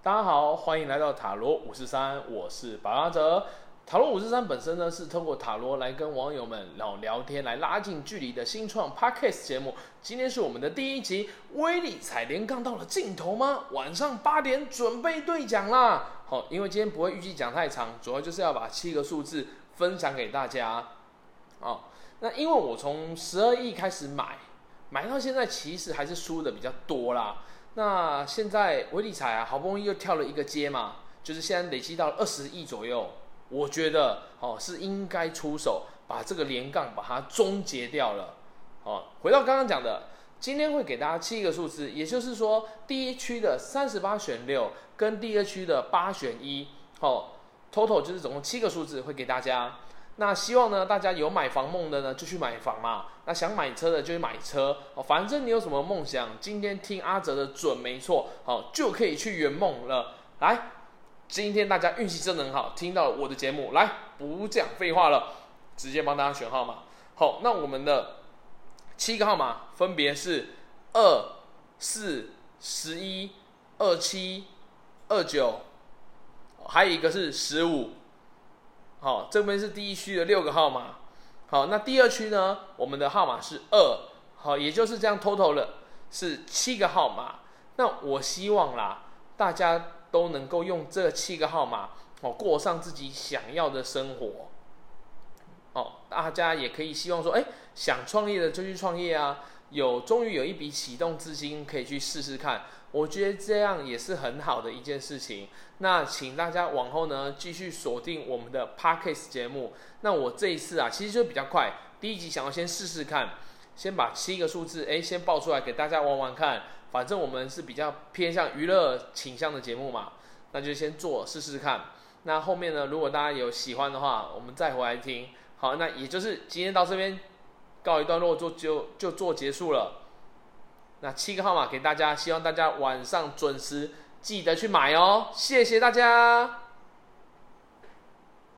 大家好，歡迎來到塔羅五十三，我是白阿哲。塔羅五十三本身呢，是通過塔羅來跟網友們聊聊天、來拉近距離的新創 Podcast 節目。今天是我們的第一集，威力彩連槓到了盡頭嗎？晚上八點準備對獎啦。好、哦，因為今天不會預計講太長，主要就是要把七個數字分享給大家。哦、那因為我從十二億開始買，買到現在其實還是輸得比較多啦。那現在威力彩啊，好不容易又跳了一個階嘛，就是現在累積到二十億左右，我覺得哦，是應該出手把這個連槓把它終結掉了。哦，回到剛剛講的，今天會給大家七個數字，也就是說第一區的三十八選六跟第二區的八選一。哦，哦，total 就是總共七個數字會給大家。那希望呢，大家有買房夢的呢，就去買房嘛。那想買車的就去買車。哦，反正你有什麼夢想，今天聽阿哲的準沒錯。好、哦，就可以去圓夢了。來，今天大家運氣真的很好，聽到了我的節目。來，不講廢話了，直接幫大家選號碼。好、哦，那我們的七個號碼分別是二四十一、二七、二九，還有一個是十五。好，這邊是第一區的六個號碼。好，那第二區呢？我們的號碼是二。好，也就是這樣，total 了是七個號碼。那我希望啦，大家都能夠用這七個號碼，哦，過上自己想要的生活。大家也可以希望說，哎、欸，想創業的就去創業啊，有終於有一筆啟動資金可以去試試看，我覺得這樣也是很好的一件事情。那請大家往後呢，繼續鎖定我們的 Podcast 節目。那我這一次啊，其實就比較快，第一集想要先試試看，先把七個數字誒、欸、先報出來給大家玩玩看。反正我們是比較偏向娛樂傾向的節目嘛，那就先做試試看。那後面呢，如果大家有喜歡的話，我們再回來聽。好，那也就是今天到這邊告一段落就，就就就做結束了。那七個號碼給大家，希望大家晚上準時記得去買哦，謝謝大家。